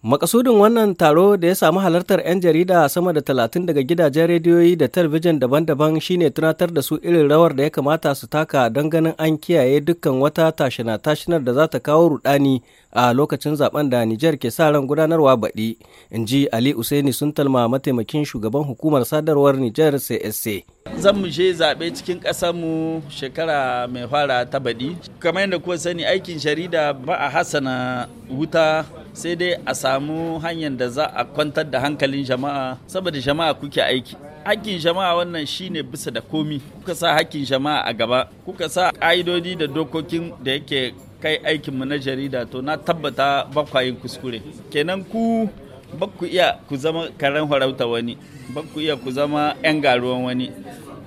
Makasudin wannan taro da ya samu halartar 'yan jarida sama da talatin daga gidajen rediyoyi da talbijin daban-daban shine tunatar da su irin rawar da ya kamata su taka don ganin an kiyaye dukkan wata tashina-tashinar da za ta kawo rudani a lokacin zaben da Nijar ke sa ran gudanarwa baɗi, in ji Ali Usaini Suntalma mataimakin shugaban hukumar sadarwar Nijar CSC. Zan mu je zaɓe cikin mu shekara mai fara ta baɗi. Kamar yadda kuwa sani aikin jarida ba a hasana wuta sai dai a samu hanyar da za a kwantar da hankalin jama'a saboda jama'a kuke aiki hakkin jama'a wannan shine bisa da komi kuka sa hakkin jama'a a gaba kuka sa ƙa'idodi da dokokin da yake kai aikin mu na jarida to na tabbata bakwayin kuskure kenan ku bakku iya ku zama karen harauta wani bakku iya ku zama 'yan garuwan wani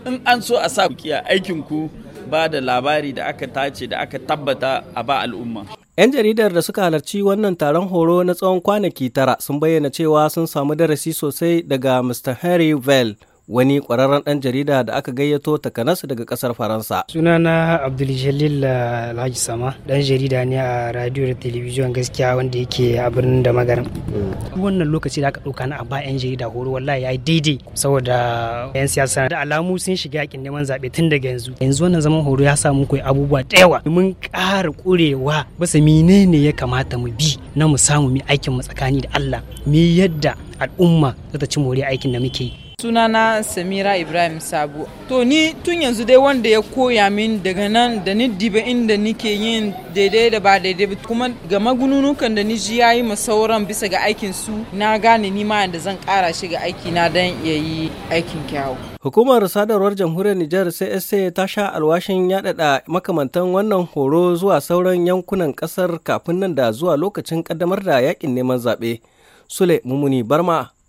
in an so a sa ku aikin ku ba da labari da aka tace da aka tabbata a ba al'umma 'Yan jaridar da suka halarci wannan taron horo na tsawon kwanaki tara sun bayyana cewa sun samu darasi sosai daga Mr. Henry Vell, wani kwararren dan jarida da aka gayyato takanas daga kasar faransa sunana abdul eh, alhaji sama ɗan jarida ne a radio da telebijin gaskiya wanda yake a birnin da magaran hmm. wannan lokaci da aka ɗauka na a 'yan jarida horo wallahi ya yi daidai saboda yan siyasa da alamu sun shiga yakin neman zaɓe tun daga yanzu yanzu wannan zaman horo ya samu koyi abubuwa da yawa mun ƙara ƙurewa basa menene ya kamata mu bi na mu samu mu aikin mu tsakani da Allah me yadda al'umma za ta ci moriya aikin da muke yi sunana samira ibrahim sabo to ni tun yanzu dai wanda ya koya min daga nan da ni diba inda nike yin daidai da ba daidai ba kuma ga magununukan da ni ji yayi ma sauran bisa ga aikin su na gane ni ma yanda zan kara shi ga aiki na dan yayi aikin kyawu Hukumar sadarwar jamhuriyar Nijar CSA ta sha alwashin yaɗaɗa makamantan wannan horo zuwa sauran yankunan ƙasar kafin nan da zuwa lokacin kaddamar da yakin neman zaɓe. Sule Mumuni Barma